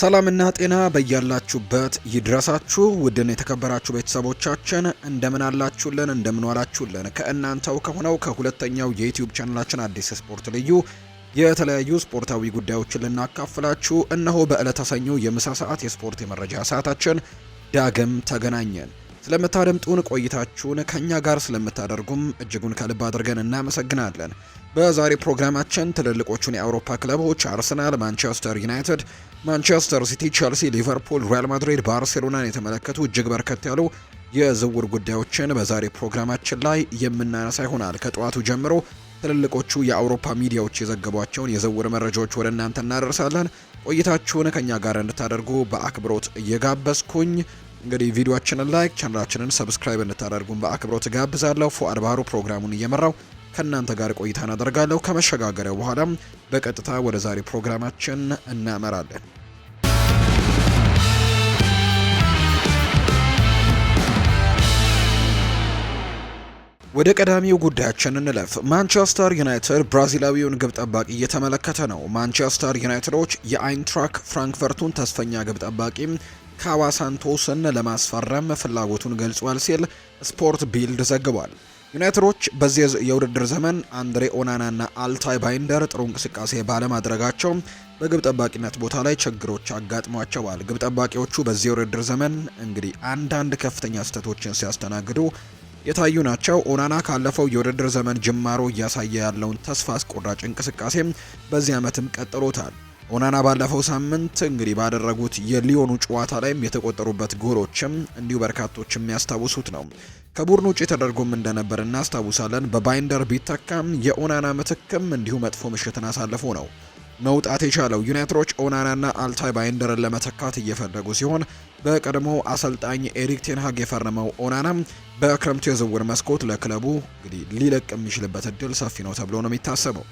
ሰላምና ጤና በያላችሁበት ይድረሳችሁ። ውድን የተከበራችሁ ቤተሰቦቻችን እንደምን አላችሁልን? እንደምን ዋላችሁልን? ከእናንተው ከሆነው ከሁለተኛው የዩትዩብ ቻናላችን አዲስ ስፖርት ልዩ የተለያዩ ስፖርታዊ ጉዳዮችን ልናካፍላችሁ እነሆ በዕለተ ሰኞ የምሳ ሰዓት የስፖርት የመረጃ ሰዓታችን ዳግም ተገናኘን። ስለምታደምጡን ቆይታችሁን ከእኛ ጋር ስለምታደርጉም እጅጉን ከልብ አድርገን እናመሰግናለን። በዛሬ ፕሮግራማችን ትልልቆቹን የአውሮፓ ክለቦች አርሰናል፣ ማንቸስተር ዩናይትድ፣ ማንቸስተር ሲቲ፣ ቸልሲ፣ ሊቨርፑል፣ ሪያል ማድሪድ፣ ባርሴሎናን የተመለከቱ እጅግ በርከት ያሉ የዝውውር ጉዳዮችን በዛሬ ፕሮግራማችን ላይ የምናነሳ ይሆናል። ከጠዋቱ ጀምሮ ትልልቆቹ የአውሮፓ ሚዲያዎች የዘገቧቸውን የዝውውር መረጃዎች ወደ እናንተ እናደርሳለን። ቆይታችሁን ከእኛ ጋር እንድታደርጉ በአክብሮት እየጋበዝኩኝ እንግዲህ ቪዲዮችንን ላይክ፣ ቻናላችንን ሰብስክራይብ እንድታደርጉን በአክብሮት እጋብዛለሁ። ፎአድ ባህሩ ፕሮግራሙን እየመራው ከእናንተ ጋር ቆይታ እናደርጋለሁ። ከመሸጋገሪያ በኋላም በቀጥታ ወደ ዛሬ ፕሮግራማችን እናመራለን። ወደ ቀዳሚው ጉዳያችን እንለፍ። ማንቸስተር ዩናይትድ ብራዚላዊውን ግብ ጠባቂ እየተመለከተ ነው። ማንቸስተር ዩናይትዶች የአይንትራክ ፍራንክፈርቱን ተስፈኛ ግብ ጠባቂ ካዋሳንቶስን ለማስፈረም ፍላጎቱን ገልጿል ሲል ስፖርት ቢልድ ዘግቧል። ዩናይትዶች በዚህ የውድድር ዘመን አንድሬ ኦናናና አልታይ ባይንደር ጥሩ እንቅስቃሴ ባለማድረጋቸው በግብ ጠባቂነት ቦታ ላይ ችግሮች አጋጥሟቸዋል። ግብ ጠባቂዎቹ በዚህ የውድድር ዘመን እንግዲህ አንዳንድ ከፍተኛ ስህተቶችን ሲያስተናግዱ የታዩ ናቸው። ኦናና ካለፈው የውድድር ዘመን ጅማሮ እያሳየ ያለውን ተስፋ አስቆራጭ እንቅስቃሴ በዚህ ዓመትም ቀጥሎታል። ኦናና ባለፈው ሳምንት እንግዲህ ባደረጉት የሊዮኑ ጨዋታ ላይም የተቆጠሩበት ጎሎችም እንዲሁ በርካቶች የሚያስታውሱት ነው። ከቡድን ውጭ ተደርጎም እንደነበር እናስታውሳለን። በባይንደር ቢተካም የኦናና ምትክም እንዲሁ መጥፎ ምሽትን አሳልፎ ነው መውጣት የቻለው። ዩናይትዶች ኦናናና አልታይ ባይንደርን ለመተካት እየፈለጉ ሲሆን በቀድሞ አሰልጣኝ ኤሪክ ቴንሃግ የፈረመው ኦናና በክረምቱ የዝውውር መስኮት ለክለቡ እንግዲህ ሊለቅ የሚችልበት እድል ሰፊ ነው ተብሎ ነው የሚታሰበው።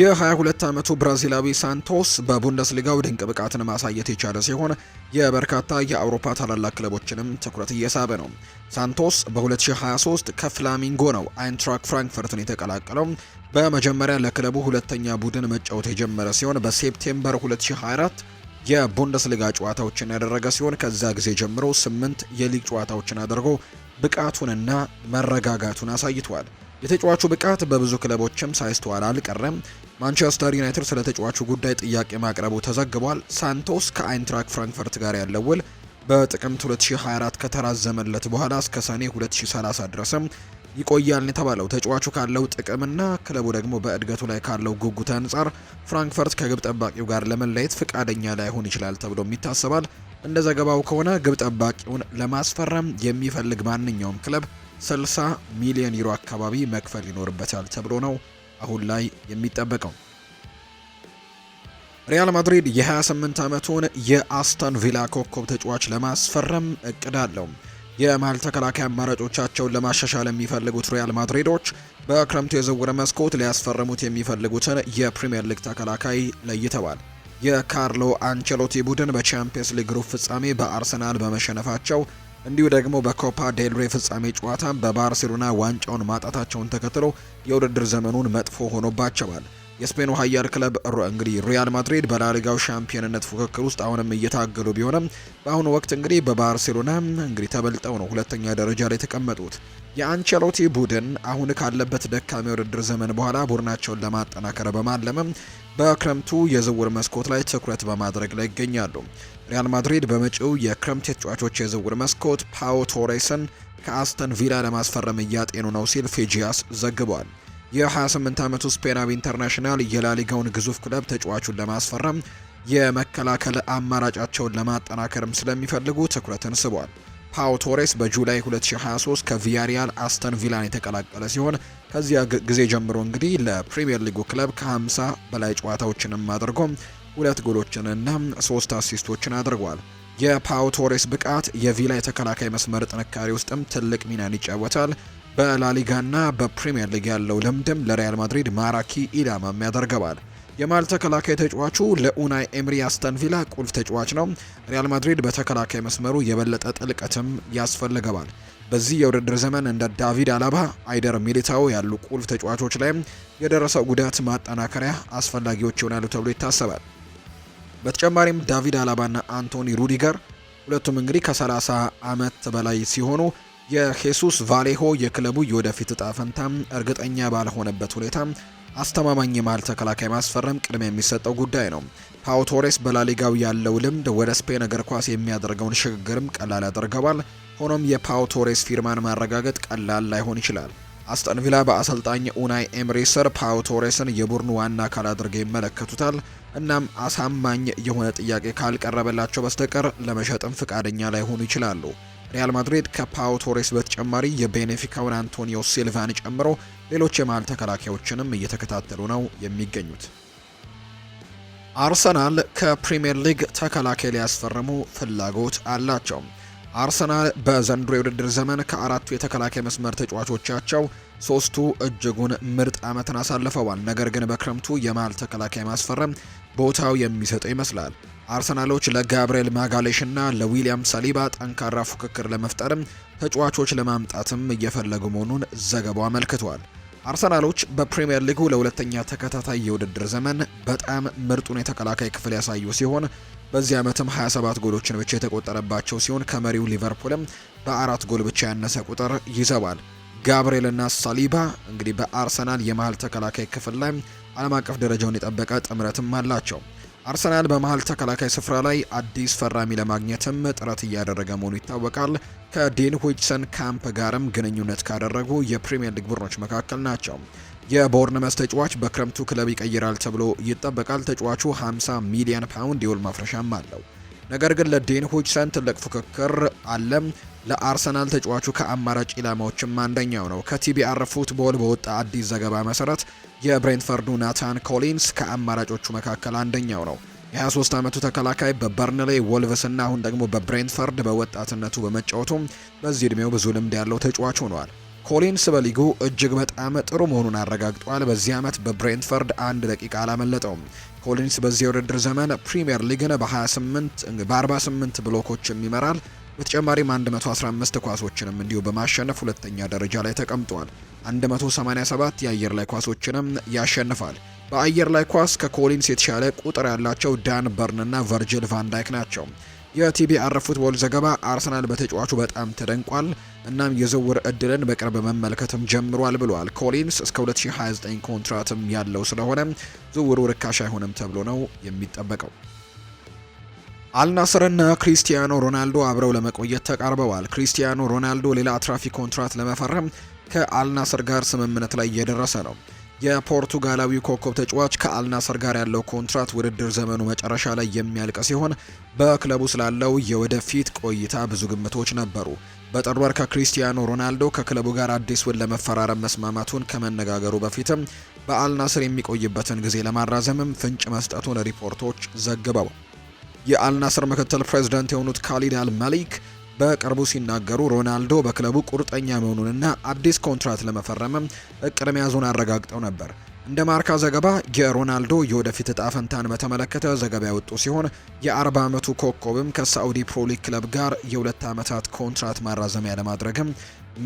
የ22 ዓመቱ ብራዚላዊ ሳንቶስ በቡንደስሊጋው ድንቅ ብቃትን ማሳየት የቻለ ሲሆን የበርካታ የአውሮፓ ታላላቅ ክለቦችንም ትኩረት እየሳበ ነው። ሳንቶስ በ2023 ከፍላሚንጎ ነው አይንትራክ ፍራንክፈርትን የተቀላቀለው። በመጀመሪያ ለክለቡ ሁለተኛ ቡድን መጫወት የጀመረ ሲሆን በሴፕቴምበር 2024 የቡንደስሊጋ ጨዋታዎችን ያደረገ ሲሆን ከዛ ጊዜ ጀምሮ ስምንት የሊግ ጨዋታዎችን አድርጎ ብቃቱንና መረጋጋቱን አሳይቷል። የተጫዋቹ ብቃት በብዙ ክለቦችም ሳይስተዋል አልቀረም። ማንቸስተር ዩናይትድ ስለ ተጫዋቹ ጉዳይ ጥያቄ ማቅረቡ ተዘግቧል። ሳንቶስ ከአይንትራክ ፍራንክፈርት ጋር ያለው ውል በጥቅምት 2024 ከተራዘመለት በኋላ እስከ ሰኔ 2030 ድረስም ይቆያል የተባለው ተጫዋቹ ካለው ጥቅምና ክለቡ ደግሞ በእድገቱ ላይ ካለው ጉጉት አንጻር ፍራንክፈርት ከግብ ጠባቂው ጋር ለመለየት ፍቃደኛ ላይሆን ይችላል ተብሎም ይታሰባል። እንደ ዘገባው ከሆነ ግብ ጠባቂውን ለማስፈረም የሚፈልግ ማንኛውም ክለብ 60 ሚሊዮን ዩሮ አካባቢ መክፈል ይኖርበታል ተብሎ ነው አሁን ላይ የሚጠበቀው። ሪያል ማድሪድ የ28 ዓመቱን የአስተን ቪላ ኮከብ ተጫዋች ለማስፈረም እቅድ አለው። የመሀል ተከላካይ አማራጮቻቸውን ለማሻሻል የሚፈልጉት ሪያል ማድሪዶች በክረምቱ የዝውውር መስኮት ሊያስፈርሙት የሚፈልጉትን የፕሪምየር ሊግ ተከላካይ ለይተዋል። የካርሎ አንቸሎቲ ቡድን በቻምፒየንስ ሊግ ሩብ ፍጻሜ በአርሰናል በመሸነፋቸው እንዲሁ ደግሞ በኮፓ ዴልሬ ፍጻሜ ጨዋታ በባርሴሎና ዋንጫውን ማጣታቸውን ተከትሎ የውድድር ዘመኑን መጥፎ ሆኖባቸዋል። የስፔኑ ሀያር ክለብ እንግዲህ ሪያል ማድሪድ በላሊጋው ሻምፒዮንነት ፉክክር ውስጥ አሁንም እየታገሉ ቢሆንም በአሁኑ ወቅት እንግዲህ በባርሴሎና እንግዲህ ተበልጠው ነው ሁለተኛ ደረጃ ላይ ተቀመጡት። የአንቸሎቲ ቡድን አሁን ካለበት ደካሜ ውድድር ዘመን በኋላ ቡድናቸውን ለማጠናከር በማለምም በክረምቱ የዝውውር መስኮት ላይ ትኩረት በማድረግ ላይ ይገኛሉ። ሪያል ማድሪድ በመጪው የክረምት የተጫዋቾች የዝውውር መስኮት ፓው ቶሬስን ከአስተን ቪላ ለማስፈረም እያጤኑ ነው ሲል ፌጂያስ ዘግቧል። የ28 ዓመቱ ስፔናዊ ኢንተርናሽናል የላሊጋውን ግዙፍ ክለብ ተጫዋቹን ለማስፈረም የመከላከል አማራጫቸውን ለማጠናከርም ስለሚፈልጉ ትኩረትን ስቧል። ፓው ቶሬስ በጁላይ 2023 ከቪያሪያል አስተን ቪላን የተቀላቀለ ሲሆን ከዚያ ጊዜ ጀምሮ እንግዲህ ለፕሪምየር ሊጉ ክለብ ከ50 በላይ ጨዋታዎችንም አድርጎ ሁለት ጎሎችንና ሶስት አሲስቶችን አድርጓል። የፓው ቶሬስ ብቃት የቪላ የተከላካይ መስመር ጥንካሬ ውስጥም ትልቅ ሚናን ይጫወታል። በላሊጋና በፕሪምየር ሊግ ያለው ልምድም ለሪያል ማድሪድ ማራኪ ኢላማም ያደርገዋል። የማል ተከላካይ ተጫዋቹ ለኡናይ ኤምሪ አስተን ቪላ ቁልፍ ተጫዋች ነው። ሪያል ማድሪድ በተከላካይ መስመሩ የበለጠ ጥልቀትም ያስፈልገዋል። በዚህ የውድድር ዘመን እንደ ዳቪድ አላባ፣ አይደር ሚሊታው ያሉ ቁልፍ ተጫዋቾች ላይም የደረሰው ጉዳት ማጠናከሪያ አስፈላጊዎች ይሆናሉ ተብሎ ይታሰባል። በተጨማሪም ዳቪድ አላባና አንቶኒ ሩዲገር ሁለቱም እንግዲህ ከ30 ዓመት በላይ ሲሆኑ የሄሱስ ቫሌሆ የክለቡ የወደፊት እጣ እርግጠኛ ባልሆነበት ሁኔታ አስተማማኝ የመሀል ተከላካይ ማስፈረም ቅድሚያ የሚሰጠው ጉዳይ ነው። ፓው ቶሬስ በላሊጋው ያለው ልምድ ወደ ስፔን እግር ኳስ የሚያደርገውን ሽግግርም ቀላል ያደርገዋል። ሆኖም የፓው ቶሬስ ፊርማን ማረጋገጥ ቀላል ላይሆን ይችላል። አስተንቪላ በአሰልጣኝ ኡናይ ኤምሪ ስር ፓው ቶሬስን የቡድኑ ዋና አካል አድርገው ይመለከቱታል። እናም አሳማኝ የሆነ ጥያቄ ካልቀረበላቸው በስተቀር ለመሸጥም ፍቃደኛ ላይሆኑ ይችላሉ። ሪያል ማድሪድ ከፓው ቶሬስ በተጨማሪ የቤኔፊካውን አንቶኒዮ ሲልቫን ጨምሮ ሌሎች የመሀል ተከላካዮችንም እየተከታተሉ ነው የሚገኙት። አርሰናል ከፕሪምየር ሊግ ተከላካይ ሊያስፈርሙ ፍላጎት አላቸው። አርሰናል በዘንድሮ የውድድር ዘመን ከአራቱ የተከላካይ መስመር ተጫዋቾቻቸው ሶስቱ እጅጉን ምርጥ ዓመትን አሳልፈዋል። ነገር ግን በክረምቱ የመሀል ተከላካይ ማስፈረም ቦታው የሚሰጠው ይመስላል። አርሰናሎች ለጋብርኤል ማጋሌሽ እና ለዊሊያም ሳሊባ ጠንካራ ፉክክር ለመፍጠርም ተጫዋቾች ለማምጣትም እየፈለጉ መሆኑን ዘገባው አመልክቷል። አርሰናሎች በፕሪምየር ሊጉ ለሁለተኛ ተከታታይ የውድድር ዘመን በጣም ምርጡን የተከላካይ ክፍል ያሳዩ ሲሆን በዚህ ዓመትም 27 ጎሎችን ብቻ የተቆጠረባቸው ሲሆን ከመሪው ሊቨርፑልም በአራት ጎል ብቻ ያነሰ ቁጥር ይዘዋል። እና ሳሊባ እንግዲህ በአርሰናል የመሃል ተከላካይ ክፍል ላይ ዓለም አቀፍ ደረጃውን የጠበቀ ጥምረትም አላቸው። አርሰናል በመሀል ተከላካይ ስፍራ ላይ አዲስ ፈራሚ ለማግኘትም ጥረት እያደረገ መሆኑ ይታወቃል። ከዴን ሆጅሰን ካምፕ ጋርም ግንኙነት ካደረጉ የፕሪምየር ሊግ ቡድኖች መካከል ናቸው። የቦርንመስ ተጫዋች በክረምቱ ክለብ ይቀይራል ተብሎ ይጠበቃል። ተጫዋቹ 50 ሚሊዮን ፓውንድ የውል ማፍረሻም አለው። ነገር ግን ለዴን ሆጅሰን ትልቅ ፉክክር አለ። ለአርሰናል ተጫዋቹ ከአማራጭ ኢላማዎችም አንደኛው ነው። ከቲቢአር ፉትቦል በወጣ አዲስ ዘገባ መሰረት የብሬንትፈርዱ ናታን ኮሊንስ ከአማራጮቹ መካከል አንደኛው ነው። የ23 ዓመቱ ተከላካይ በበርንሌ እና አሁን ደግሞ በብሬንትፈርድ በወጣትነቱ በመጫወቱ በዚህ ዕድሜው ብዙ ልምድ ያለው ተጫዋች ሆኗል። ኮሊንስ በሊጉ እጅግ በጣም ጥሩ መሆኑን አረጋግጧል። በዚህ ዓመት በብሬንትፈርድ አንድ ደቂቃ አላመለጠውም። ኮሊንስ በዚህ የውድድር ዘመን ፕሪምየር ሊግን በ28 በ48 ብሎኮችም ይመራል። በተጨማሪም 115 ኳሶችንም እንዲሁ በማሸነፍ ሁለተኛ ደረጃ ላይ ተቀምጧል። 187 የአየር ላይ ኳሶችንም ያሸንፋል። በአየር ላይ ኳስ ከኮሊንስ የተሻለ ቁጥር ያላቸው ዳን በርን እና ቨርጅል ቫንዳይክ ናቸው። የቲቢአር ፉትቦል ዘገባ አርሰናል በተጫዋቹ በጣም ተደንቋል፣ እናም የዝውውር እድልን በቅርብ መመልከትም ጀምሯል ብሏል። ኮሊንስ እስከ 2029 ኮንትራትም ያለው ስለሆነ ዝውውሩ ርካሽ አይሆንም ተብሎ ነው የሚጠበቀው። አልናስርና ክሪስቲያኖ ሮናልዶ አብረው ለመቆየት ተቃርበዋል። ክሪስቲያኖ ሮናልዶ ሌላ አትራፊ ኮንትራት ለመፈረም ከአልናስር ጋር ስምምነት ላይ እየደረሰ ነው። የፖርቱጋላዊ ኮከብ ተጫዋች ከአልናስር ጋር ያለው ኮንትራት ውድድር ዘመኑ መጨረሻ ላይ የሚያልቅ ሲሆን በክለቡ ስላለው የወደፊት ቆይታ ብዙ ግምቶች ነበሩ። በጥር ወር ከክሪስቲያኖ ሮናልዶ ከክለቡ ጋር አዲስ ውል ለመፈራረም መስማማቱን ከመነጋገሩ በፊትም በአልናስር የሚቆይበትን ጊዜ ለማራዘምም ፍንጭ መስጠቱን ሪፖርቶች ዘግበው የአልናስር ምክትል ፕሬዝዳንት የሆኑት ካሊድ አልመሊክ በቅርቡ ሲናገሩ ሮናልዶ በክለቡ ቁርጠኛ መሆኑንና አዲስ ኮንትራት ለመፈረምም እቅድ መያዙን አረጋግጠው ነበር። እንደ ማርካ ዘገባ የሮናልዶ የወደፊት እጣ ፈንታን በተመለከተ ዘገባ ያወጡ ሲሆን የ40 ዓመቱ ኮከብም ከሳዑዲ ፕሮሊግ ክለብ ጋር የሁለት ዓመታት ኮንትራት ማራዘሚያ ለማድረግም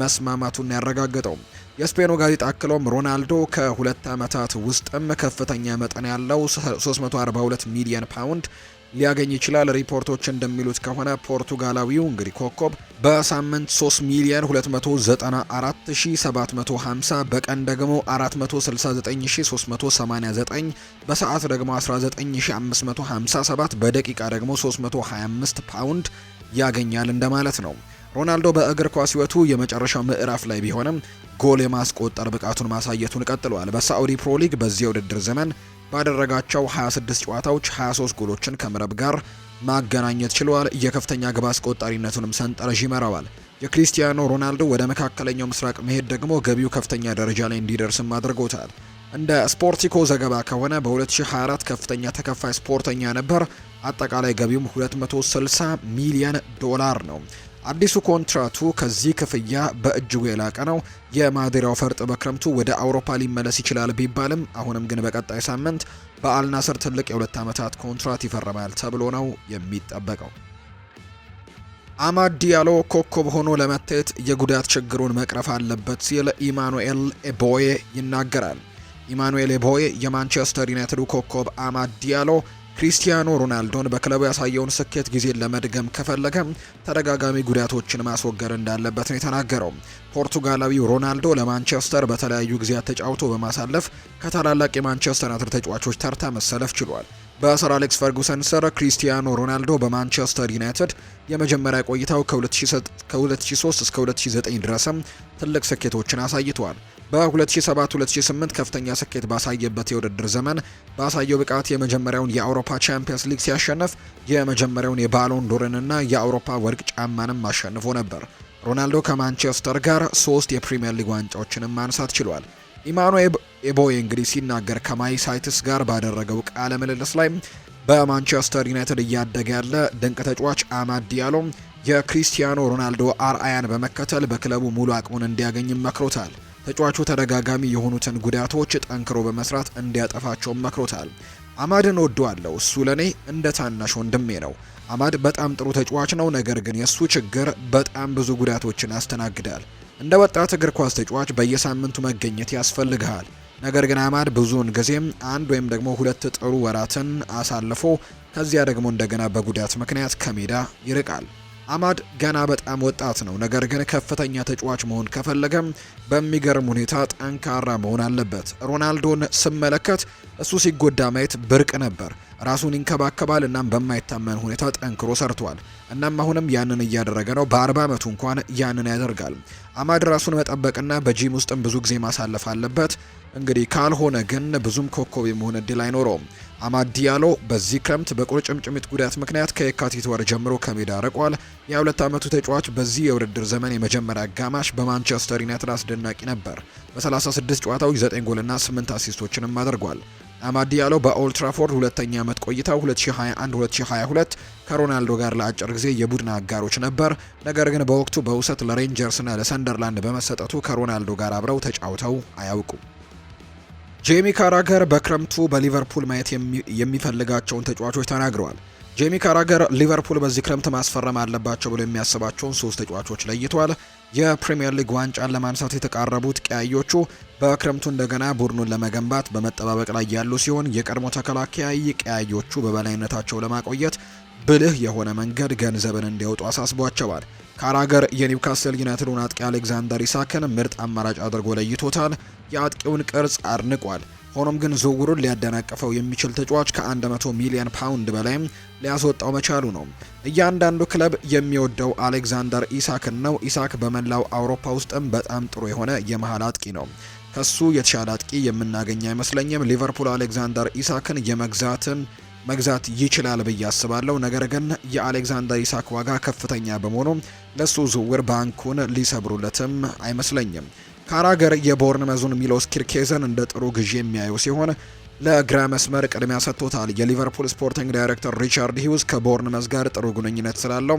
መስማማቱን ያረጋገጠው የስፔኑ ጋዜጣ አክሎም ሮናልዶ ከሁለት ዓመታት ውስጥም ከፍተኛ መጠን ያለው 342 ሚሊዮን ፓውንድ ሊያገኝ ይችላል። ሪፖርቶች እንደሚሉት ከሆነ ፖርቱጋላዊው እንግዲህ ኮከብ በሳምንት 3 ሚሊዮን 294750 በቀን ደግሞ 469389 በሰዓት ደግሞ 19557 በደቂቃ ደግሞ 325 ፓውንድ ያገኛል እንደማለት ነው። ሮናልዶ በእግር ኳስ ህይወቱ የመጨረሻው ምዕራፍ ላይ ቢሆንም ጎል የማስቆጠር ብቃቱን ማሳየቱን ቀጥሏል። በሳዑዲ ፕሮ ሊግ በዚህ ውድድር ዘመን ባደረጋቸው 26 ጨዋታዎች 23 ጎሎችን ከመረብ ጋር ማገናኘት ችሏል። የከፍተኛ ግብ አስቆጣሪነቱንም ሰንጠረዥ ይመራዋል። የክሪስቲያኖ ሮናልዶ ወደ መካከለኛው ምስራቅ መሄድ ደግሞ ገቢው ከፍተኛ ደረጃ ላይ እንዲደርስም አድርጎታል። እንደ ስፖርቲኮ ዘገባ ከሆነ በ2024 ከፍተኛ ተከፋይ ስፖርተኛ ነበር። አጠቃላይ ገቢውም 260 ሚሊዮን ዶላር ነው። አዲሱ ኮንትራቱ ከዚህ ክፍያ በእጅጉ የላቀ ነው። የማዴራው ፈርጥ በክረምቱ ወደ አውሮፓ ሊመለስ ይችላል ቢባልም አሁንም ግን በቀጣይ ሳምንት በአልናስር ትልቅ የሁለት ዓመታት ኮንትራት ይፈርማል ተብሎ ነው የሚጠበቀው። አማድ ዲያሎ ኮከብ ሆኖ ለመታየት የጉዳት ችግሩን መቅረፍ አለበት ሲል ኢማኑኤል ኤቦዬ ይናገራል። ኢማኑኤል ኤቦዬ የማንቸስተር ዩናይትዱ ኮከብ አማድ ዲያሎ ክሪስቲያኖ ሮናልዶን በክለቡ ያሳየውን ስኬት ጊዜን ለመድገም ከፈለገ ተደጋጋሚ ጉዳቶችን ማስወገድ እንዳለበት ነው የተናገረው። ፖርቱጋላዊው ሮናልዶ ለማንቸስተር በተለያዩ ጊዜያት ተጫውቶ በማሳለፍ ከታላላቅ የማንቸስተር ዩናይትድ ተጫዋቾች ተርታ መሰለፍ ችሏል። በሰር አሌክስ ፈርጉሰን ስር ክሪስቲያኖ ሮናልዶ በማንቸስተር ዩናይትድ የመጀመሪያ ቆይታው ከ2003 እስከ 2009 ድረስም ትልቅ ስኬቶችን አሳይቷል። በ2007-2008 ከፍተኛ ስኬት ባሳየበት የውድድር ዘመን ባሳየው ብቃት የመጀመሪያውን የአውሮፓ ቻምፒየንስ ሊግ ሲያሸንፍ የመጀመሪያውን የባሎን ዶርንና የአውሮፓ ወርቅ ጫማንም አሸንፎ ነበር። ሮናልዶ ከማንቸስተር ጋር ሶስት የፕሪምየር ሊግ ዋንጫዎችንም ማንሳት ችሏል። ኢማኑኤል ኤቦይ እንግዲህ ሲናገር ከማይሳይትስ ጋር ባደረገው ቃለ ምልልስ ላይ በማንቸስተር ዩናይትድ እያደገ ያለ ድንቅ ተጫዋች አማድ ዲያሎ የክሪስቲያኖ ሮናልዶ አርአያን በመከተል በክለቡ ሙሉ አቅሙን እንዲያገኝ መክሮታል። ተጫዋቹ ተደጋጋሚ የሆኑትን ጉዳቶች ጠንክሮ በመስራት እንዲያጠፋቸውም መክሮታል። አማድን ወደዋለሁ። እሱ ለኔ እንደ ታናሽ ወንድሜ ነው። አማድ በጣም ጥሩ ተጫዋች ነው፣ ነገር ግን የሱ ችግር በጣም ብዙ ጉዳቶችን ያስተናግዳል። እንደ ወጣት እግር ኳስ ተጫዋች በየሳምንቱ መገኘት ያስፈልግሃል። ነገር ግን አማድ ብዙውን ጊዜም አንድ ወይም ደግሞ ሁለት ጥሩ ወራትን አሳልፎ ከዚያ ደግሞ እንደገና በጉዳት ምክንያት ከሜዳ ይርቃል። አማድ ገና በጣም ወጣት ነው። ነገር ግን ከፍተኛ ተጫዋች መሆን ከፈለገም በሚገርም ሁኔታ ጠንካራ መሆን አለበት። ሮናልዶን ስመለከት እሱ ሲጎዳ ማየት ብርቅ ነበር። ራሱን ይንከባከባል፣ እናም በማይታመን ሁኔታ ጠንክሮ ሰርቷል። እናም አሁንም ያንን እያደረገ ነው። በአርባ ዓመቱ እንኳን ያንን ያደርጋል። አማድ ራሱን መጠበቅና በጂም ውስጥም ብዙ ጊዜ ማሳለፍ አለበት። እንግዲህ ካልሆነ ግን ብዙም ኮከብ የመሆን እድል አይኖረውም። አማድ ዲያሎ በዚህ ክረምት በቁርጭምጭሚት ጉዳት ምክንያት ከየካቲት ወር ጀምሮ ከሜዳ ርቋል። የሁለት ዓመቱ ተጫዋች በዚህ የውድድር ዘመን የመጀመሪያ አጋማሽ በማንቸስተር ዩናይትድ አስደናቂ ነበር። በ36 ጨዋታዎች 9 ጎልና 8 አሲስቶችንም አድርጓል። አማድ ዲያሎ በኦልትራፎርድ ሁለተኛ ዓመት ቆይታው 2021-2022 ከሮናልዶ ጋር ለአጭር ጊዜ የቡድን አጋሮች ነበር። ነገር ግን በወቅቱ በውሰት ለሬንጀርስና ለሰንደርላንድ በመሰጠቱ ከሮናልዶ ጋር አብረው ተጫውተው አያውቁም። ጄሚ ካራገር በክረምቱ በሊቨርፑል ማየት የሚፈልጋቸውን ተጫዋቾች ተናግረዋል። ጄሚ ካራገር ሊቨርፑል በዚህ ክረምት ማስፈረም አለባቸው ብሎ የሚያስባቸውን ሶስት ተጫዋቾች ለይተዋል። የፕሪምየር ሊግ ዋንጫን ለማንሳት የተቃረቡት ቀያዮቹ በክረምቱ እንደገና ቡድኑን ለመገንባት በመጠባበቅ ላይ ያሉ ሲሆን የቀድሞ ተከላካይ ቀያዮቹ በበላይነታቸው ለማቆየት ብልህ የሆነ መንገድ ገንዘብን እንዲያወጡ አሳስቧቸዋል። ካራገር የኒውካስል ዩናይትዱን አጥቂ አሌክዛንደር ኢሳክን ምርጥ አማራጭ አድርጎ ለይቶታል። የአጥቂውን ቅርጽ አድንቋል። ሆኖም ግን ዝውውሩን ሊያደናቅፈው የሚችል ተጫዋች ከ100 ሚሊዮን ፓውንድ በላይም ሊያስወጣው መቻሉ ነው። እያንዳንዱ ክለብ የሚወደው አሌክዛንደር ኢሳክን ነው። ኢሳክ በመላው አውሮፓ ውስጥም በጣም ጥሩ የሆነ የመሃል አጥቂ ነው። ከሱ የተሻለ አጥቂ የምናገኝ አይመስለኝም። ሊቨርፑል አሌክዛንደር ኢሳክን የመግዛትን መግዛት ይችላል ብዬ አስባለሁ። ነገር ግን የአሌክዛንደር ኢሳክ ዋጋ ከፍተኛ በመሆኑ ለሱ ዝውውር ባንኩን ሊሰብሩለትም አይመስለኝም። ካራገር መዙን ሚሎስ ኪርኬዘን እንደ ጥሩ ግዢ የሚያየው ሲሆን ለግራ መስመር ቅድሚያ ሰጥቶታል። የሊቨርፑል ስፖርቲንግ ዳይሬክተር ሪቻርድ ሂውዝ ከቦርንመዝ ጋር ጥሩ ግንኙነት ስላለው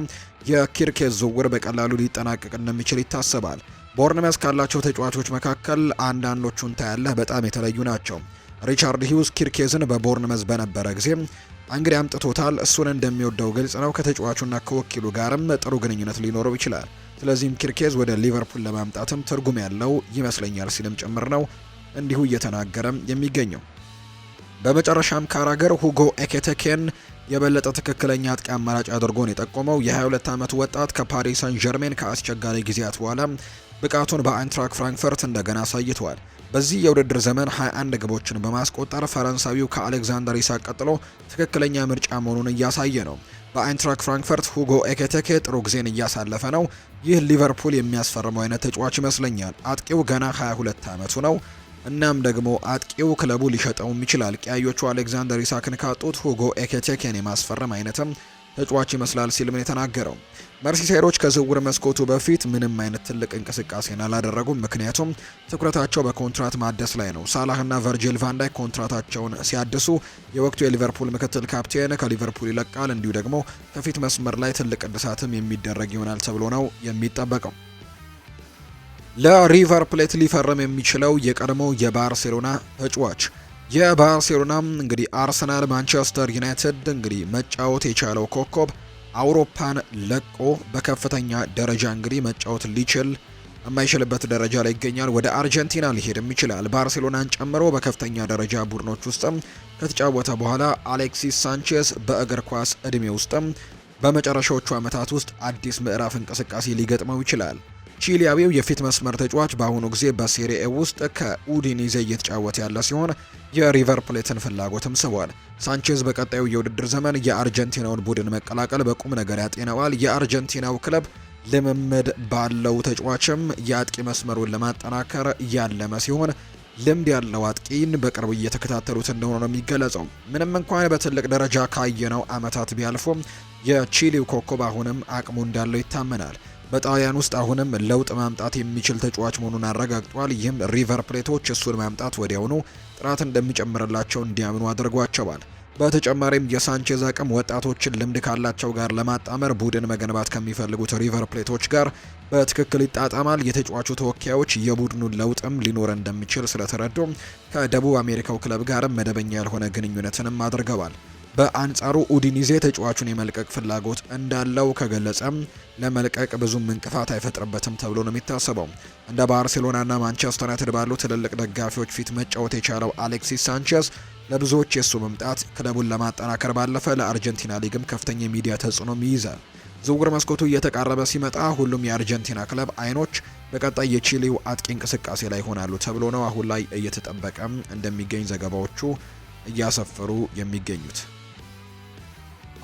የኪርኬዝ ዝውውር በቀላሉ ሊጠናቀቅ እንደሚችል ይታሰባል። ቦርንመዝ ካላቸው ተጫዋቾች መካከል አንዳንዶቹን ታያለህ፣ በጣም የተለዩ ናቸው። ሪቻርድ ሂውዝ ኪርኬዝን በቦርንመዝ በነበረ ጊዜ እንግዲህ አምጥቶታል። እሱን እንደሚወደው ግልጽ ነው። ከተጫዋቹና ከወኪሉ ጋርም ጥሩ ግንኙነት ሊኖረው ይችላል። ስለዚህም ኪርኬዝ ወደ ሊቨርፑል ለማምጣትም ትርጉም ያለው ይመስለኛል ሲልም ጭምር ነው እንዲሁ እየተናገረም የሚገኘው። በመጨረሻም ካራገር ሁጎ ኤኬቴኬን የበለጠ ትክክለኛ አጥቂ አማራጭ አድርጎን የጠቆመው የ22 ዓመት ወጣት ከፓሪስ ሳን ጀርሜን ከአስቸጋሪ ጊዜያት በኋላ ብቃቱን በአይንትራክ ፍራንክፈርት እንደገና አሳይተዋል። በዚህ የውድድር ዘመን 21 ግቦችን በማስቆጠር ፈረንሳዊው ከአሌክዛንደር ኢሳቅ ቀጥሎ ትክክለኛ ምርጫ መሆኑን እያሳየ ነው። በአይንትራክ ፍራንክፈርት ሁጎ ኤኬቴኬ ጥሩ ጊዜን እያሳለፈ ነው። ይህ ሊቨርፑል የሚያስፈርመው አይነት ተጫዋች ይመስለኛል። አጥቂው ገና 22 ዓመቱ ነው። እናም ደግሞ አጥቂው ክለቡ ሊሸጠውም ይችላል። ቀያዮቹ አሌክዛንደር ኢሳክን ካጡት ሁጎ ኤኬቴኬን የማስፈረም አይነትም ተጫዋች ይመስላል ሲል ምን የተናገረው መርሲሳይሮች ከዝውውር መስኮቱ በፊት ምንም አይነት ትልቅ እንቅስቃሴን አላደረጉም፣ ምክንያቱም ትኩረታቸው በኮንትራት ማደስ ላይ ነው። ሳላህና ቨርጂል ቫንዳይ ኮንትራታቸውን ሲያድሱ የወቅቱ የሊቨርፑል ምክትል ካፕቴን ከሊቨርፑል ይለቃል፣ እንዲሁ ደግሞ ከፊት መስመር ላይ ትልቅ እድሳትም የሚደረግ ይሆናል ተብሎ ነው የሚጠበቀው። ለሪቨር ፕሌት ሊፈርም የሚችለው የቀድሞው የባርሴሎና ተጫዋች የባርሴሎና እንግዲህ አርሰናል፣ ማንቸስተር ዩናይትድ እንግዲህ መጫወት የቻለው ኮከብ አውሮፓን ለቆ በከፍተኛ ደረጃ እንግዲህ መጫወት ሊችል የማይችልበት ደረጃ ላይ ይገኛል። ወደ አርጀንቲና ሊሄድም ይችላል። ባርሴሎናን ጨምሮ በከፍተኛ ደረጃ ቡድኖች ውስጥም ከተጫወተ በኋላ አሌክሲስ ሳንቼስ በእግር ኳስ እድሜ ውስጥም በመጨረሻዎቹ ዓመታት ውስጥ አዲስ ምዕራፍ እንቅስቃሴ ሊገጥመው ይችላል። ቺሊያዊው የፊት መስመር ተጫዋች በአሁኑ ጊዜ በሴሪኤ ውስጥ ከኡዲኒዜ እየተጫወተ ያለ ሲሆን የሪቨር ፕሌትን ፍላጎትም ስቧል። ሳንቼዝ በቀጣዩ የውድድር ዘመን የአርጀንቲናውን ቡድን መቀላቀል በቁም ነገር ያጤነዋል። የአርጀንቲናው ክለብ ልምምድ ባለው ተጫዋችም የአጥቂ መስመሩን ለማጠናከር ያለመ ሲሆን ልምድ ያለው አጥቂን በቅርብ እየተከታተሉት እንደሆነ ነው የሚገለጸው። ምንም እንኳን በትልቅ ደረጃ ካየነው ዓመታት ቢያልፉም የቺሊው ኮከብ አሁንም አቅሙ እንዳለው ይታመናል። በጣሊያን ውስጥ አሁንም ለውጥ ማምጣት የሚችል ተጫዋች መሆኑን አረጋግጧል። ይህም ሪቨር ፕሌቶች እሱን ማምጣት ወዲያውኑ ጥራት እንደሚጨምርላቸው እንዲያምኑ አድርጓቸዋል። በተጨማሪም የሳንቼዝ አቅም ወጣቶችን ልምድ ካላቸው ጋር ለማጣመር ቡድን መገንባት ከሚፈልጉት ሪቨር ፕሌቶች ጋር በትክክል ይጣጣማል። የተጫዋቹ ተወካዮች የቡድኑን ለውጥም ሊኖር እንደሚችል ስለተረዱ ከደቡብ አሜሪካው ክለብ ጋርም መደበኛ ያልሆነ ግንኙነትንም አድርገዋል። በአንጻሩ ኡዲኒዜ ተጫዋቹን የመልቀቅ ፍላጎት እንዳለው ከገለጸም ለመልቀቅ ብዙም እንቅፋት አይፈጥርበትም ተብሎ ነው የሚታሰበው። እንደ ባርሴሎናና ማንቸስተር ዩናይትድ ባሉ ትልልቅ ደጋፊዎች ፊት መጫወት የቻለው አሌክሲስ ሳንቸስ ለብዙዎች የእሱ መምጣት ክለቡን ለማጠናከር ባለፈ ለአርጀንቲና ሊግም ከፍተኛ የሚዲያ ተጽዕኖም ይይዛል። ዝውውር መስኮቱ እየተቃረበ ሲመጣ ሁሉም የአርጀንቲና ክለብ አይኖች በቀጣይ የቺሊው አጥቂ እንቅስቃሴ ላይ ይሆናሉ ተብሎ ነው አሁን ላይ እየተጠበቀም እንደሚገኝ ዘገባዎቹ እያሰፈሩ የሚገኙት።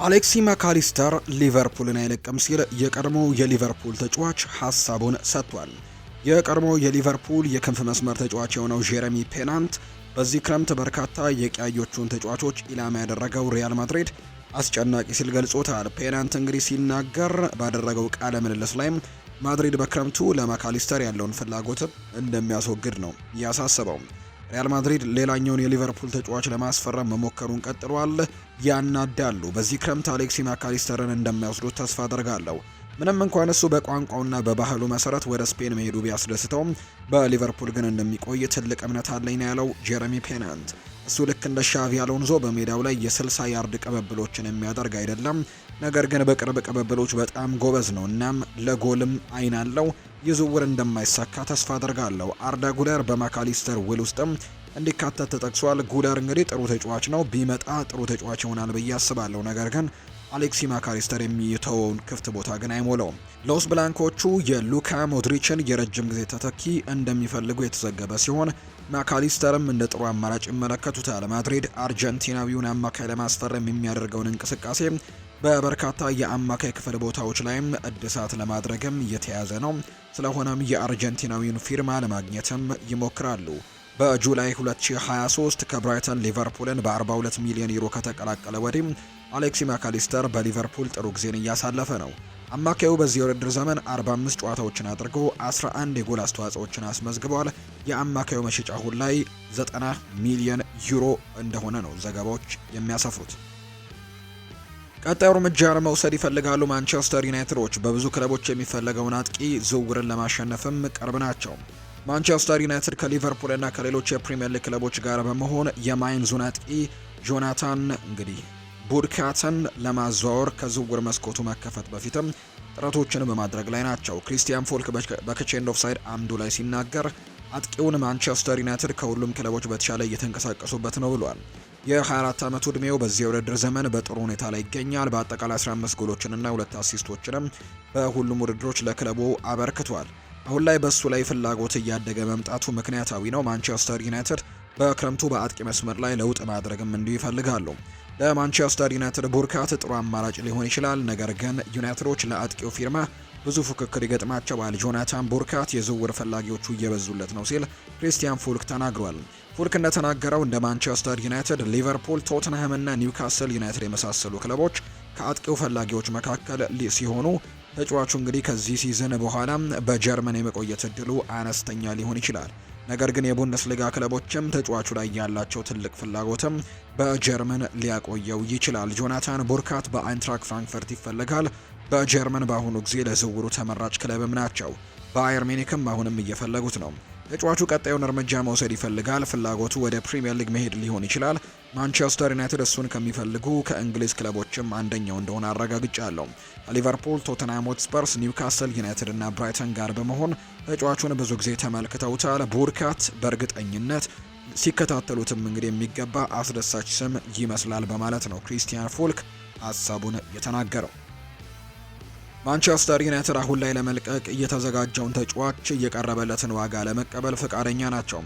አሌክሲ ማካሊስተር ሊቨርፑልን አይለቅም ሲል የቀድሞ የሊቨርፑል ተጫዋች ሀሳቡን ሰጥቷል። የቀድሞ የሊቨርፑል የክንፍ መስመር ተጫዋች የሆነው ጄረሚ ፔናንት በዚህ ክረምት በርካታ የቀያዮቹን ተጫዋቾች ኢላማ ያደረገው ሪያል ማድሪድ አስጨናቂ ሲል ገልጾታል። ፔናንት እንግዲህ ሲናገር ባደረገው ቃለ ምልልስ ላይም ማድሪድ በክረምቱ ለማካሊስተር ያለውን ፍላጎት እንደሚያስወግድ ነው ያሳሰበው። ሪያል ማድሪድ ሌላኛውን የሊቨርፑል ተጫዋች ለማስፈረም መሞከሩን ቀጥሏል። ያናዳሉ። በዚህ ክረምት አሌክሲ ማካሊስተርን እንደሚያወስዱት ተስፋ አደርጋለሁ። ምንም እንኳን እሱ በቋንቋውና በባህሉ መሰረት ወደ ስፔን መሄዱ ቢያስደስተውም በሊቨርፑል ግን እንደሚቆይ ትልቅ እምነት አለኝ ነው ያለው ጀረሚ ፔናንት። እሱ ልክ እንደ ሻቪ አሎንዞ በሜዳው ላይ የ60 ያርድ ቅብብሎችን የሚያደርግ አይደለም፣ ነገር ግን በቅርብ ቅብብሎች በጣም ጎበዝ ነው። እናም ለጎልም አይን አለው። ይህ ዝውውር እንደማይሳካ ተስፋ አድርጋለሁ። አርዳ ጉለር በማካሊስተር ውል ውስጥም እንዲካተት ተጠቅሷል። ጉለር እንግዲህ ጥሩ ተጫዋች ነው፣ ቢመጣ ጥሩ ተጫዋች ይሆናል ብዬ አስባለሁ። ነገር ግን አሌክሲ ማካሊስተር የሚተወውን ክፍት ቦታ ግን አይሞላውም። ሎስ ብላንኮቹ የሉካ ሞድሪችን የረጅም ጊዜ ተተኪ እንደሚፈልጉ የተዘገበ ሲሆን ማካሊስተርም እንደ ጥሩ አማራጭ ይመለከቱታል። ማድሪድ አርጀንቲናዊውን አማካይ ለማስፈረም የሚያደርገውን እንቅስቃሴ በበርካታ የአማካይ ክፍል ቦታዎች ላይም እድሳት ለማድረግም እየተያዘ ነው። ስለሆነም የአርጀንቲናዊውን ፊርማ ለማግኘትም ይሞክራሉ። በጁላይ 2023 ከብራይተን ሊቨርፑልን በ42 ሚሊዮን ዩሮ ከተቀላቀለ ወዲህ አሌክሲ ማካሊስተር በሊቨርፑል ጥሩ ጊዜን እያሳለፈ ነው። አማካዩ በዚህ የውድድር ዘመን 45 ጨዋታዎችን አድርጎ 11 የጎል አስተዋጽኦዎችን አስመዝግቧል። የአማካዩ መሸጫ አሁን ላይ 90 ሚሊዮን ዩሮ እንደሆነ ነው ዘገባዎች የሚያሰፍሩት። ቀጣዩ እርምጃ መውሰድ ይፈልጋሉ ማንቸስተር ዩናይትዶች። በብዙ ክለቦች የሚፈለገውን አጥቂ ዝውውርን ለማሸነፍም ቅርብ ናቸው። ማንቸስተር ዩናይትድ ከሊቨርፑል ና ከሌሎች የፕሪምየር ሊግ ክለቦች ጋር በመሆን የማይንዙን አጥቂ ጆናታን እንግዲህ ቡድካትን ለማዘዋወር ከዝውውር መስኮቱ መከፈት በፊትም ጥረቶችን በማድረግ ላይ ናቸው። ክሪስቲያን ፎልክ በከቼንድ ኦፍ ሳይድ አምዱ ላይ ሲናገር አጥቂውን ማንቸስተር ዩናይትድ ከሁሉም ክለቦች በተሻለ እየተንቀሳቀሱበት ነው ብሏል። የ24 ዓመቱ ዕድሜው በዚህ የውድድር ዘመን በጥሩ ሁኔታ ላይ ይገኛል። በአጠቃላይ 15 ጎሎችንና ሁለት አሲስቶችንም በሁሉም ውድድሮች ለክለቡ አበርክቷል። አሁን ላይ በእሱ ላይ ፍላጎት እያደገ መምጣቱ ምክንያታዊ ነው። ማንቸስተር ዩናይትድ በክረምቱ በአጥቂ መስመር ላይ ለውጥ ማድረግም እንዲሁ ይፈልጋሉ። ለማንቸስተር ዩናይትድ ቡርካት ጥሩ አማራጭ ሊሆን ይችላል። ነገር ግን ዩናይትዶች ለአጥቂው ፊርማ ብዙ ፉክክር ይገጥማቸዋል። ጆናታን ቡርካት የዝውውር ፈላጊዎቹ እየበዙለት ነው ሲል ክሪስቲያን ፉልክ ተናግሯል። ፉልክ እንደተናገረው እንደ ማንቸስተር ዩናይትድ፣ ሊቨርፑል፣ ቶትንሃም እና ኒውካስል ዩናይትድ የመሳሰሉ ክለቦች ከአጥቂው ፈላጊዎች መካከል ሲሆኑ ተጫዋቹ እንግዲህ ከዚህ ሲዝን በኋላ በጀርመን የመቆየት እድሉ አነስተኛ ሊሆን ይችላል። ነገር ግን የቡንደስሊጋ ክለቦችም ተጫዋቹ ላይ ያላቸው ትልቅ ፍላጎትም በጀርመን ሊያቆየው ይችላል። ጆናታን ቡርካት በአይንትራክ ፍራንክፈርት ይፈለጋል። በጀርመን በአሁኑ ጊዜ ለዝውውሩ ተመራጭ ክለብም ናቸው። ባየር ሚኒክም አሁንም እየፈለጉት ነው። ተጫዋቹ ቀጣዩን እርምጃ መውሰድ ይፈልጋል። ፍላጎቱ ወደ ፕሪምየር ሊግ መሄድ ሊሆን ይችላል። ማንቸስተር ዩናይትድ እሱን ከሚፈልጉ ከእንግሊዝ ክለቦችም አንደኛው እንደሆነ አረጋግጫለሁ። ሊቨርፑል፣ ቶተንሃም ሆትስፐርስ፣ ኒውካስል ዩናይትድ እና ብራይተን ጋር በመሆን ተጫዋቹን ብዙ ጊዜ ተመልክተውታል። ቡርካት በእርግጠኝነት ሲከታተሉትም እንግዲህ የሚገባ አስደሳች ስም ይመስላል በማለት ነው ክሪስቲያን ፉልክ ሀሳቡን የተናገረው። ማንቸስተር ዩናይትድ አሁን ላይ ለመልቀቅ እየተዘጋጀውን ተጫዋች እየቀረበለትን ዋጋ ለመቀበል ፈቃደኛ ናቸው።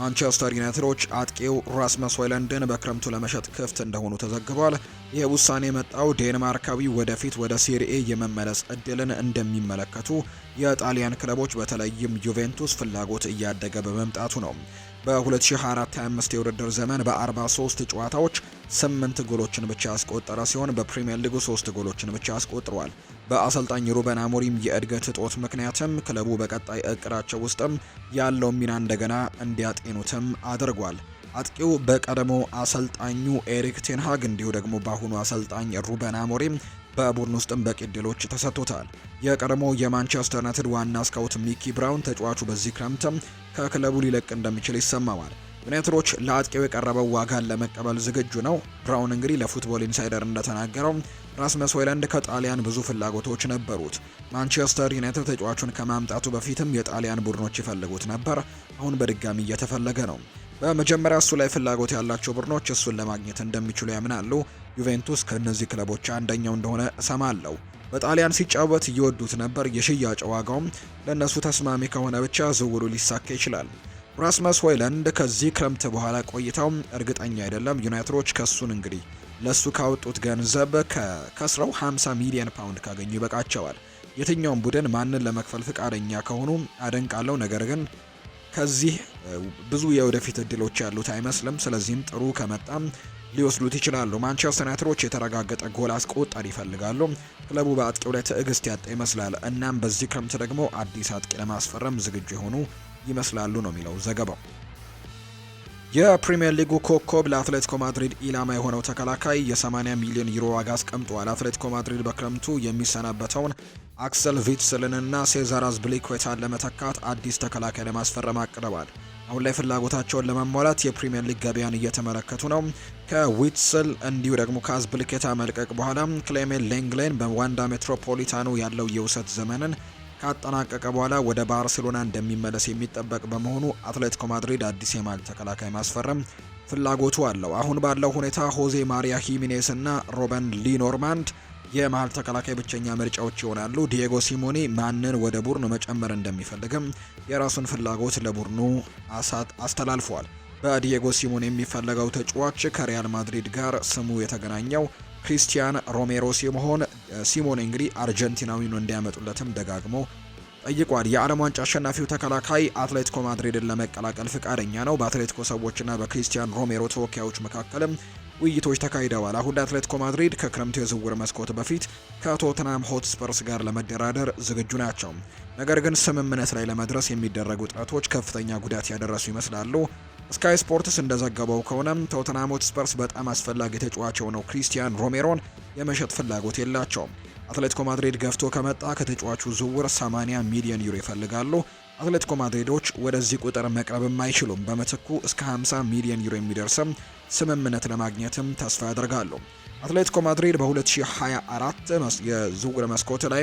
ማንቸስተር ዩናይትዶች አጥቂው ራስመስ ሆይለንድን በክረምቱ ለመሸጥ ክፍት እንደሆኑ ተዘግቧል። ይህ ውሳኔ የመጣው ዴንማርካዊ ወደፊት ወደ ሴሪኤ የመመለስ እድልን እንደሚመለከቱ የጣሊያን ክለቦች በተለይም ዩቬንቱስ ፍላጎት እያደገ በመምጣቱ ነው። በ2024/25 የውድድር ዘመን በ43 ጨዋታዎች 8 ጎሎችን ብቻ ያስቆጠረ ሲሆን በፕሪምየር ሊጉ 3 ጎሎችን ብቻ አስቆጥሯል። በአሰልጣኝ ሩበን አሞሪም የእድገት እጦት ምክንያትም ክለቡ በቀጣይ እቅዳቸው ውስጥም ያለው ሚና እንደገና እንዲያጤኑትም አድርጓል። አጥቂው በቀደሞ አሰልጣኙ ኤሪክ ቴንሃግ እንዲሁ ደግሞ በአሁኑ አሰልጣኝ ሩበን አሞሪም በቡድን ውስጥም በቂ እድሎች ተሰጥቶታል። የቀድሞ የማንቸስተር ዩናይትድ ዋና ስካውት ሚኪ ብራውን ተጫዋቹ በዚህ ክረምትም ከክለቡ ሊለቅ እንደሚችል ይሰማዋል። ዩናይትዶች ለአጥቂው የቀረበው ዋጋን ለመቀበል ዝግጁ ነው። ብራውን እንግዲህ ለፉትቦል ኢንሳይደር እንደተናገረው ራስመስ ሆይላንድ ከጣሊያን ብዙ ፍላጎቶች ነበሩት። ማንቸስተር ዩናይትድ ተጫዋቹን ከማምጣቱ በፊትም የጣሊያን ቡድኖች ይፈልጉት ነበር። አሁን በድጋሚ እየተፈለገ ነው። በመጀመሪያ እሱ ላይ ፍላጎት ያላቸው ቡድኖች እሱን ለማግኘት እንደሚችሉ ያምናሉ። ዩቬንቱስ ከእነዚህ ክለቦች አንደኛው እንደሆነ እሰማለሁ። በጣሊያን ሲጫወት እየወዱት ነበር። የሽያጭ ዋጋውም ለእነሱ ተስማሚ ከሆነ ብቻ ዝውውሩ ሊሳካ ይችላል። ራስመስ ሆይለንድ ከዚህ ክረምት በኋላ ቆይታው እርግጠኛ አይደለም። ዩናይትዶች ከሱን እንግዲህ ለሱ ካወጡት ገንዘብ ከከስረው 50 ሚሊዮን ፓውንድ ካገኙ ይበቃቸዋል። የትኛውም ቡድን ማንን ለመክፈል ፍቃደኛ ከሆኑ አደንቃለሁ። ነገር ግን ከዚህ ብዙ የወደፊት እድሎች ያሉት አይመስልም። ስለዚህም ጥሩ ከመጣም ሊወስዱት ይችላሉ። ማንቸስተር ዩናይትዶች የተረጋገጠ ጎል አስቆጣሪ ይፈልጋሉ። ክለቡ በአጥቂው ላይ ትዕግስት ያጣ ይመስላል። እናም በዚህ ክረምት ደግሞ አዲስ አጥቂ ለማስፈረም ዝግጁ የሆኑ ይመስላሉ ነው የሚለው ዘገባው። የፕሪምየር ሊጉ ኮከብ ለአትሌቲኮ ማድሪድ ኢላማ የሆነው ተከላካይ የ80 ሚሊዮን ዩሮ ዋጋ አስቀምጧል። አትሌቲኮ ማድሪድ በክረምቱ የሚሰናበተውን አክሰል ቪትስልንና ሴዛር አዝብሊኩዌታን ለመተካት አዲስ ተከላካይ ለማስፈረም አቅደዋል። አሁን ላይ ፍላጎታቸውን ለማሟላት የፕሪምየር ሊግ ገበያን እየተመለከቱ ነው። ከዊትስል እንዲሁ ደግሞ ከአዝብሊኬታ መልቀቅ በኋላ ክሌሜን ሌንግሌን በዋንዳ ሜትሮፖሊታኑ ያለው የውሰት ዘመንን ካጠናቀቀ በኋላ ወደ ባርሴሎና እንደሚመለስ የሚጠበቅ በመሆኑ አትሌቲኮ ማድሪድ አዲስ የማል ተከላካይ ማስፈረም ፍላጎቱ አለው። አሁን ባለው ሁኔታ ሆዜ ማሪያ ሂሚኔስ እና ሮበን ሊኖርማንድ የመሀል ተከላካይ ብቸኛ ምርጫዎች ይሆናሉ። ዲየጎ ሲሞኔ ማንን ወደ ቡድን መጨመር እንደሚፈልግም የራሱን ፍላጎት ለቡድኑ አሳት አስተላልፏል። በዲየጎ ሲሞኔ የሚፈለገው ተጫዋች ከሪያል ማድሪድ ጋር ስሙ የተገናኘው ክሪስቲያን ሮሜሮ ሲሆን ሲሞኔ እንግዲህ አርጀንቲናዊን እንዲያመጡለትም ደጋግሞ ጠይቋል። የዓለም ዋንጫ አሸናፊው ተከላካይ አትሌቲኮ ማድሪድን ለመቀላቀል ፍቃደኛ ነው። በአትሌቲኮ ሰዎችና በክሪስቲያን ሮሜሮ ተወካዮች መካከልም ውይይቶች ተካሂደዋል። አሁን ለአትሌቲኮ ማድሪድ ከክረምቱ የዝውውር መስኮት በፊት ከቶትናም ሆትስፐርስ ጋር ለመደራደር ዝግጁ ናቸው። ነገር ግን ስምምነት ላይ ለመድረስ የሚደረጉ ጥረቶች ከፍተኛ ጉዳት ያደረሱ ይመስላሉ። ስካይ ስፖርትስ እንደዘገበው ከሆነም ቶትናም ሆትስፐርስ በጣም አስፈላጊ ተጫዋቸው ነው ክሪስቲያን ሮሜሮን የመሸጥ ፍላጎት የላቸውም። አትሌቲኮ ማድሪድ ገፍቶ ከመጣ ከተጫዋቹ ዝውውር 80 ሚሊዮን ዩሮ ይፈልጋሉ። አትሌቲኮ ማድሪዶች ወደዚህ ቁጥር መቅረብም አይችሉም። በምትኩ እስከ 50 ሚሊዮን ዩሮ የሚደርስም ስምምነት ለማግኘትም ተስፋ ያደርጋሉ። አትሌቲኮ ማድሪድ በ2024 የዝውውር መስኮት ላይ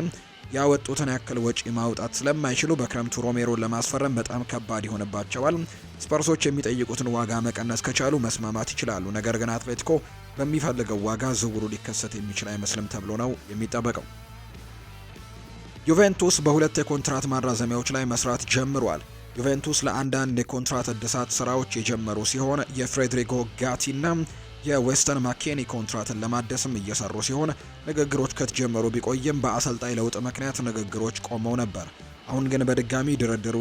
ያወጡትን ያክል ወጪ ማውጣት ስለማይችሉ በክረምቱ ሮሜሮን ለማስፈረም በጣም ከባድ ይሆንባቸዋል። ስፐርሶች የሚጠይቁትን ዋጋ መቀነስ ከቻሉ መስማማት ይችላሉ። ነገር ግን አትሌቲኮ በሚፈልገው ዋጋ ዝውውሩ ሊከሰት የሚችል አይመስልም ተብሎ ነው የሚጠበቀው። ዩቬንቱስ በሁለት የኮንትራት ማራዘሚያዎች ላይ መስራት ጀምሯል። ዩቬንቱስ ለአንዳንድ የኮንትራት እድሳት ስራዎች የጀመሩ ሲሆን የፍሬድሪጎ ጋቲና የዌስተን ማኬኒ ኮንትራትን ለማደስም እየሰሩ ሲሆን ንግግሮች ከተጀመሩ ቢቆይም በአሰልጣኝ ለውጥ ምክንያት ንግግሮች ቆመው ነበር። አሁን ግን በድጋሚ ድርድሩ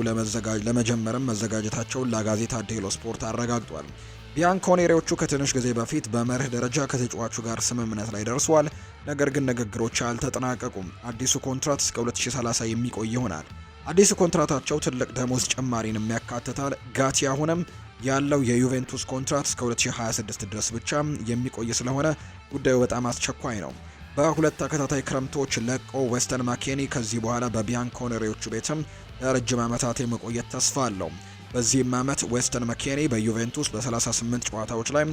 ለመጀመርም መዘጋጀታቸውን ለጋዜጣ ዴሎ ስፖርት አረጋግጧል። ቢያንኮኔሬዎቹ ከትንሽ ጊዜ በፊት በመርህ ደረጃ ከተጫዋቹ ጋር ስምምነት ላይ ደርሷል። ነገር ግን ንግግሮች አልተጠናቀቁም። አዲሱ ኮንትራት እስከ 2030 የሚቆይ ይሆናል። አዲሱ ኮንትራታቸው ትልቅ ደሞዝ ጭማሪንም ያካትታል። ጋቲ አሁንም ያለው የዩቬንቱስ ኮንትራት እስከ 2026 ድረስ ብቻ የሚቆይ ስለሆነ ጉዳዩ በጣም አስቸኳይ ነው። በሁለት ተከታታይ ክረምቶች ለቆ ዌስተን ማኬኒ ከዚህ በኋላ በቢያንኮኔሬዎቹ ቤትም ለረጅም ዓመታት የመቆየት ተስፋ አለው። በዚህም ዓመት ዌስተን መኬኒ በዩቬንቱስ በ38 ጨዋታዎች ላይ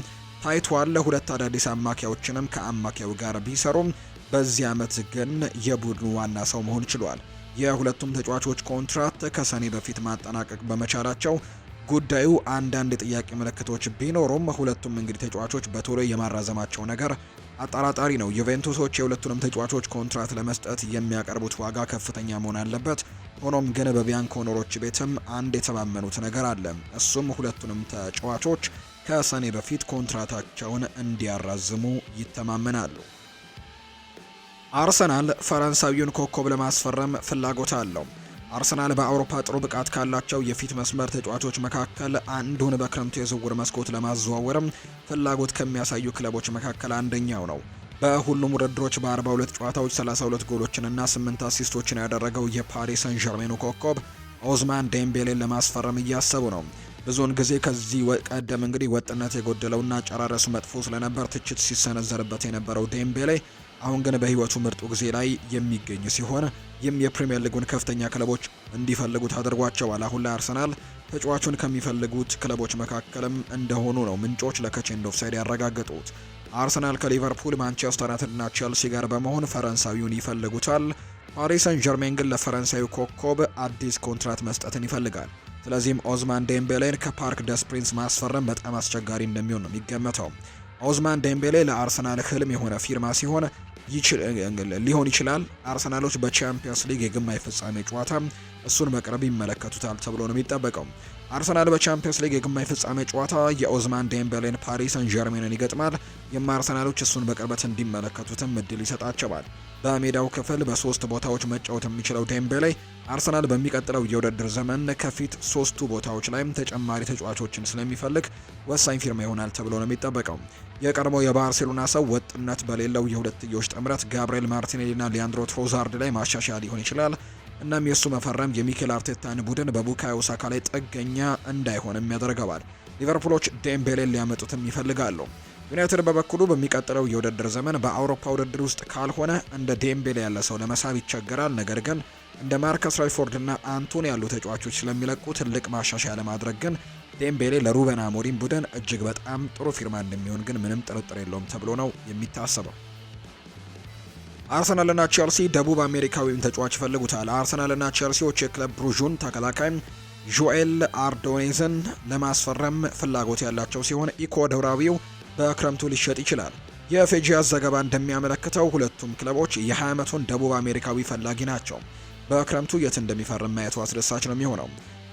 ታይቷል። ለሁለት አዳዲስ አማካዮችንም ከአማካዩ ጋር ቢሰሩም በዚህ ዓመት ግን የቡድኑ ዋና ሰው መሆን ችሏል። የሁለቱም ተጫዋቾች ኮንትራት ከሰኔ በፊት ማጠናቀቅ በመቻላቸው ጉዳዩ አንዳንድ የጥያቄ ምልክቶች ቢኖሩም ሁለቱም እንግዲህ ተጫዋቾች በቶሎ የማራዘማቸው ነገር አጠራጣሪ ነው። ዩቬንቱሶች የሁለቱንም ተጫዋቾች ኮንትራት ለመስጠት የሚያቀርቡት ዋጋ ከፍተኛ መሆን አለበት። ሆኖም ግን በቢያንኮኖሮች ቤትም አንድ የተማመኑት ነገር አለ። እሱም ሁለቱንም ተጫዋቾች ከሰኔ በፊት ኮንትራታቸውን እንዲያራዝሙ ይተማመናሉ። አርሰናል ፈረንሳዊውን ኮከብ ለማስፈረም ፍላጎት አለው። አርሰናል በአውሮፓ ጥሩ ብቃት ካላቸው የፊት መስመር ተጫዋቾች መካከል አንዱን በክረምቱ የዝውውር መስኮት ለማዘዋወርም ፍላጎት ከሚያሳዩ ክለቦች መካከል አንደኛው ነው። በሁሉም ውድድሮች በ42 ጨዋታዎች 32 ጎሎችንና 8 አሲስቶችን ያደረገው የፓሪስ ሰን ዠርሜኑ ኮከብ ኦዝማን ዴምቤሌን ለማስፈረም እያሰቡ ነው። ብዙውን ጊዜ ከዚህ ቀደም እንግዲህ ወጥነት የጎደለውና ጨራረሱ መጥፎ ስለነበር ትችት ሲሰነዘርበት የነበረው ዴምቤሌ አሁን ግን በህይወቱ ምርጡ ጊዜ ላይ የሚገኝ ሲሆን ይህም የፕሪምየር ሊጉን ከፍተኛ ክለቦች እንዲፈልጉት አድርጓቸዋል። አሁን ላይ አርሰናል ተጫዋቹን ከሚፈልጉት ክለቦች መካከልም እንደሆኑ ነው ምንጮች ለከቼንድ ኦፍሳይድ ያረጋገጡት። አርሰናል ከሊቨርፑል፣ ማንቸስተር ዩናይትድና ቼልሲ ጋር በመሆን ፈረንሳዊውን ይፈልጉታል። ፓሪስ ሰን ጀርሜን ግን ለፈረንሳዩ ኮከብ አዲስ ኮንትራት መስጠትን ይፈልጋል። ስለዚህም ኦዝማን ዴምቤሌን ከፓርክ ደስ ፕሪንስ ማስፈረም በጣም አስቸጋሪ እንደሚሆን ነው የሚገመተው። ኦዝማን ዴምቤሌ ለአርሰናል ህልም የሆነ ፊርማ ሲሆን ሊሆን ይችላል። አርሰናሎች በቻምፒየንስ ሊግ የግማሽ ፍጻሜ ጨዋታ እሱን በቅርብ ይመለከቱታል ተብሎ ነው የሚጠበቀው። አርሰናል በቻምፒየንስ ሊግ የግማሽ ፍጻሜ ጨዋታ የኦዝማን ዴምቤሌን ፓሪስ ሰን ጀርሜንን ይገጥማል። የማርሰናሎች እሱን በቅርበት እንዲመለከቱትም እድል ይሰጣቸዋል። በሜዳው ክፍል በሶስት ቦታዎች መጫወት የሚችለው ዴምቤሌ አርሰናል በሚቀጥለው የውድድር ዘመን ከፊት ሶስቱ ቦታዎች ላይም ተጨማሪ ተጫዋቾችን ስለሚፈልግ ወሳኝ ፊርማ ይሆናል ተብሎ ነው የሚጠበቀው። የቀድሞው የባርሴሎና ሰው ወጥነት በሌለው የሁለትዮሽ ጥምረት ጋብርኤል ማርቲኔሊና ሊያንድሮ ትሮዛርድ ላይ ማሻሻያ ሊሆን ይችላል። እናም የእሱ መፈረም የሚኬል አርቴታን ቡድን በቡካዮ ሳካ ላይ ጥገኛ እንዳይሆንም ያደርገዋል። ሊቨርፑሎች ዴምቤሌን ሊያመጡትም ይፈልጋሉ። ዩናይትድ በበኩሉ በሚቀጥለው የውድድር ዘመን በአውሮፓ ውድድር ውስጥ ካልሆነ እንደ ዴምቤሌ ያለ ሰው ለመሳብ ይቸገራል። ነገር ግን እንደ ማርከስ ራሽፎርድና አንቶን ያሉ ተጫዋቾች ስለሚለቁ ትልቅ ማሻሻያ ለማድረግ ግን ዴምቤሌ ለሩበን አሞሪም ቡድን እጅግ በጣም ጥሩ ፊርማ እንደሚሆን ግን ምንም ጥርጥር የለውም ተብሎ ነው የሚታሰበው። አርሰናልና ቼልሲ ደቡብ አሜሪካዊም ተጫዋች ይፈልጉታል። አርሰናልና ቼልሲዎች የክለብ ብሩዥን ተከላካይ ጆኤል አርዶኔዝን ለማስፈረም ፍላጎት ያላቸው ሲሆን ኢኳዶራዊው በክረምቱ ሊሸጥ ይችላል። የፌጂያስ ዘገባ እንደሚያመለክተው ሁለቱም ክለቦች የ20 ዓመቱን ደቡብ አሜሪካዊ ፈላጊ ናቸው። በክረምቱ የት እንደሚፈርም ማየቱ አስደሳች ነው የሚሆነው።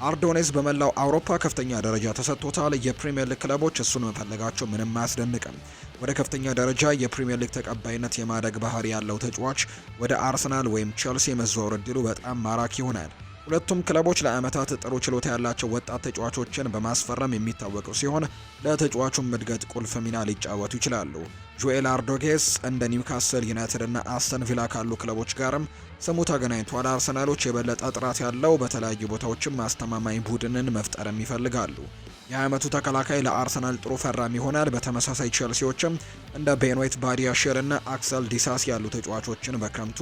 አርዶኔዝ በመላው አውሮፓ ከፍተኛ ደረጃ ተሰጥቶታል። የፕሪምየር ሊግ ክለቦች እሱን መፈለጋቸው ምንም አያስደንቅም። ወደ ከፍተኛ ደረጃ የፕሪምየር ሊግ ተቀባይነት የማደግ ባህሪ ያለው ተጫዋች ወደ አርሰናል ወይም ቼልሲ የመዘዋወር እድሉ በጣም ማራኪ ይሆናል። ሁለቱም ክለቦች ለዓመታት ጥሩ ችሎታ ያላቸው ወጣት ተጫዋቾችን በማስፈረም የሚታወቁ ሲሆን ለተጫዋቹም እድገት ቁልፍ ሚና ሊጫወቱ ይችላሉ። ጆኤል አርዶጌስ እንደ ኒውካስል ዩናይትድ እና አስተን ቪላ ካሉ ክለቦች ጋርም ስሙ ተገናኝቷል። አርሰናሎች የበለጠ ጥራት ያለው በተለያዩ ቦታዎችም አስተማማኝ ቡድንን መፍጠርም ይፈልጋሉ። የዓመቱ ተከላካይ ለአርሰናል ጥሩ ፈራሚ ይሆናል። በተመሳሳይ ቼልሲዎችም እንደ ቤንዌት ባዲያሽር እና አክሰል ዲሳስ ያሉ ተጫዋቾችን በክረምቱ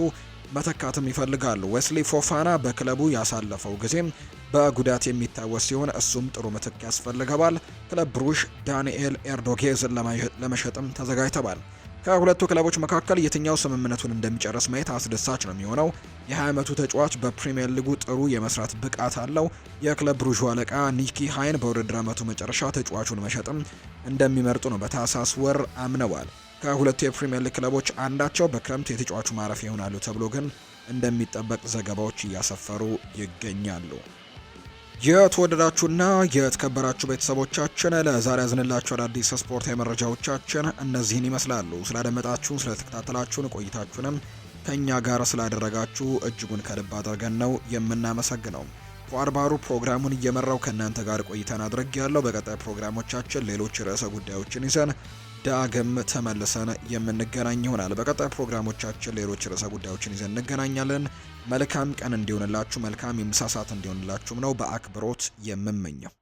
መተካትም ይፈልጋሉ። ዌስሊ ፎፋና በክለቡ ያሳለፈው ጊዜም በጉዳት የሚታወስ ሲሆን እሱም ጥሩ ምትክ ያስፈልገዋል። ክለብ ብሩሽ ዳንኤል ኤርዶጌዝን ለመሸጥም ተዘጋጅተዋል። ከሁለቱ ክለቦች መካከል የትኛው ስምምነቱን እንደሚጨርስ ማየት አስደሳች ነው የሚሆነው። የ20 ዓመቱ ተጫዋች በፕሪምየር ሊጉ ጥሩ የመስራት ብቃት አለው። የክለብ ብሩዥ አለቃ ኒኪ ሃይን በውድድር ዓመቱ መጨረሻ ተጫዋቹን መሸጥም እንደሚመርጡ ነው በታህሳስ ወር አምነዋል። ከሁለቱ የፕሪምየር ሊግ ክለቦች አንዳቸው በክረምት የተጫዋቹ ማረፊያ ይሆናሉ ተብሎ ግን እንደሚጠበቅ ዘገባዎች እያሰፈሩ ይገኛሉ። የተወደዳችሁና የተከበራችሁ ቤተሰቦቻችን ለዛሬ ያዝንላችሁ አዳዲስ ስፖርታዊ መረጃዎቻችን እነዚህን ይመስላሉ። ስላደመጣችሁን፣ ስለተከታተላችሁን ቆይታችሁንም ከእኛ ጋር ስላደረጋችሁ እጅጉን ከልብ አድርገን ነው የምናመሰግነው። ፏርባሩ ፕሮግራሙን እየመራው ከእናንተ ጋር ቆይታን አድርግ ያለው። በቀጣይ ፕሮግራሞቻችን ሌሎች ርዕሰ ጉዳዮችን ይዘን ዳግም ተመልሰን የምንገናኝ ይሆናል። በቀጣይ ፕሮግራሞቻችን ሌሎች ርዕሰ ጉዳዮችን ይዘን እንገናኛለን። መልካም ቀን እንዲሆንላችሁ፣ መልካም የምሳሳት እንዲሆንላችሁም ነው በአክብሮት የምመኘው።